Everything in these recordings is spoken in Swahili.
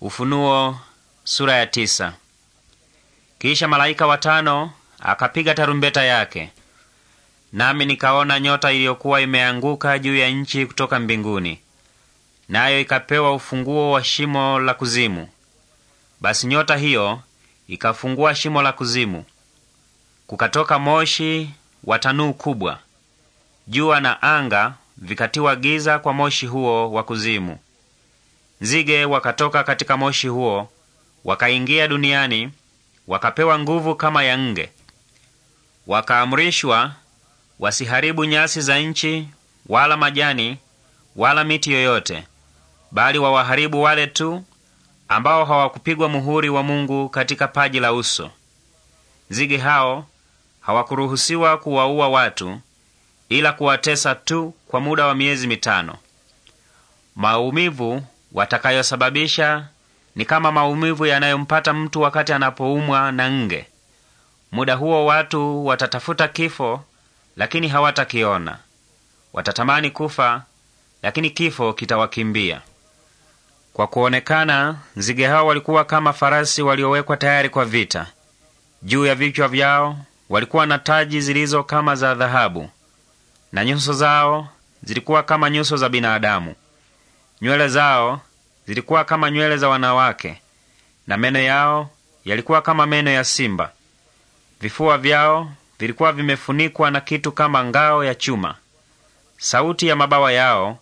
Ufunuo sura ya tisa. Kisha malaika watano akapiga tarumbeta yake, nami nikaona nyota iliyokuwa imeanguka juu ya nchi kutoka mbinguni, nayo ikapewa ufunguo wa shimo la kuzimu. Basi nyota hiyo ikafungua shimo la kuzimu, kukatoka moshi wa tanuu kubwa. Jua na anga vikatiwa giza kwa moshi huo wa kuzimu. Nzige wakatoka katika moshi huo, wakaingia duniani, wakapewa nguvu kama ya nge. Wakaamrishwa wasiharibu nyasi za nchi, wala majani, wala miti yoyote, bali wawaharibu wale tu ambao hawakupigwa muhuri wa Mungu katika paji la uso. Nzige hao hawakuruhusiwa kuwaua watu, ila kuwatesa tu kwa muda wa miezi mitano. Maumivu watakayosababisha ni kama maumivu yanayompata mtu wakati anapoumwa na nge. Muda huo watu watatafuta kifo, lakini hawatakiona. Watatamani kufa, lakini kifo kitawakimbia. Kwa kuonekana, nzige hao walikuwa kama farasi waliowekwa tayari kwa vita. Juu ya vichwa vyao walikuwa na taji zilizo kama za dhahabu, na nyuso zao zilikuwa kama nyuso za binadamu. Nywele zao zilikuwa kama nywele za wanawake, na meno yao yalikuwa kama meno ya simba. Vifua vyao vilikuwa vimefunikwa na kitu kama ngao ya chuma. Sauti ya mabawa yao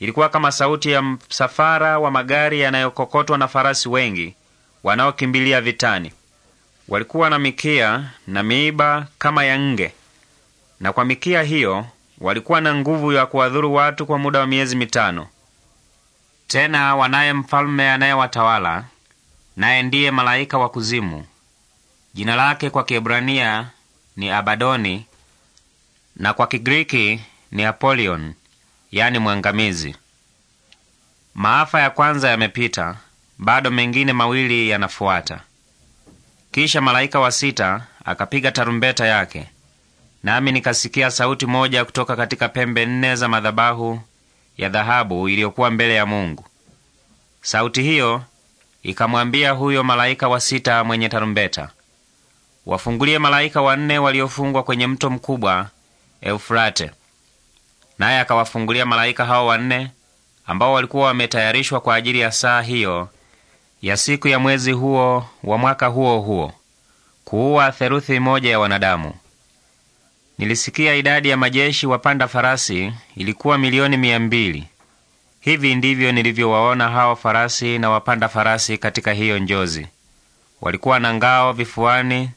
ilikuwa kama sauti ya msafara wa magari yanayokokotwa na farasi wengi wanaokimbilia vitani. Walikuwa na mikia na miiba kama ya nge, na kwa mikia hiyo walikuwa na nguvu ya kuwadhuru watu kwa muda wa miezi mitano. Tena wanaye mfalme anayewatawala, naye ndiye malaika wa kuzimu. Jina lake kwa Kiebrania ni Abadoni, na kwa Kigiriki ni Apolion, yani mwangamizi. Maafa ya kwanza yamepita, bado mengine mawili yanafuata. Kisha malaika wa sita akapiga tarumbeta yake, nami nikasikia sauti moja kutoka katika pembe nne za madhabahu ya dhahabu iliyokuwa mbele ya Mungu. Sauti hiyo ikamwambia huyo malaika wa sita mwenye tarumbeta, wafungulie malaika wanne waliofungwa kwenye mto mkubwa Eufrate. Naye akawafungulia malaika hao wanne ambao walikuwa wametayarishwa kwa ajili ya saa hiyo ya siku ya mwezi huo wa mwaka huo huo kuua theluthi moja ya wanadamu. Nilisikia idadi ya majeshi wapanda farasi ilikuwa milioni mia mbili. Hivi ndivyo nilivyowaona hao farasi na wapanda farasi katika hiyo njozi. Walikuwa na ngao vifuani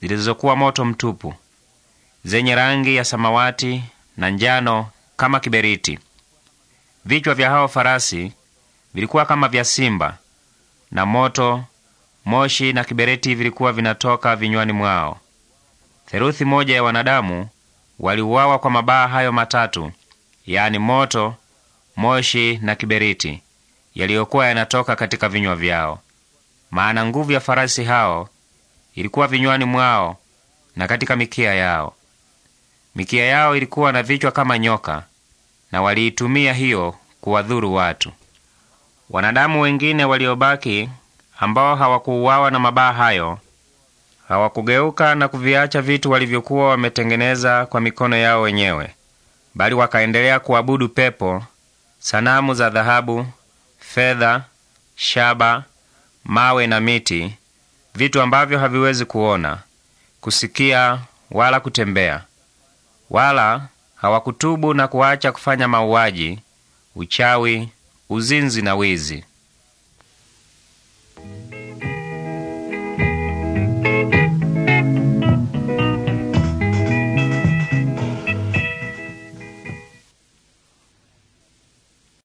zilizokuwa moto mtupu, zenye rangi ya samawati na njano kama kiberiti. Vichwa vya hao farasi vilikuwa kama vya simba, na moto, moshi na kiberiti vilikuwa vinatoka vinywani mwao theluthi moja ya wanadamu waliuawa kwa mabaa hayo matatu, yaani moto, moshi na kiberiti, yaliyokuwa yanatoka katika vinywa vyao. Maana nguvu ya farasi hao ilikuwa vinywani mwao na katika mikia yao. Mikia yao ilikuwa na vichwa kama nyoka, na waliitumia hiyo kuwadhuru watu. Wanadamu wengine waliobaki ambao hawakuuawa na mabaa hayo hawakugeuka na kuviacha vitu walivyokuwa wametengeneza kwa mikono yao wenyewe, bali wakaendelea kuabudu pepo, sanamu za dhahabu, fedha, shaba, mawe na miti, vitu ambavyo haviwezi kuona, kusikia wala kutembea. Wala hawakutubu na kuacha kufanya mauaji, uchawi, uzinzi na wizi.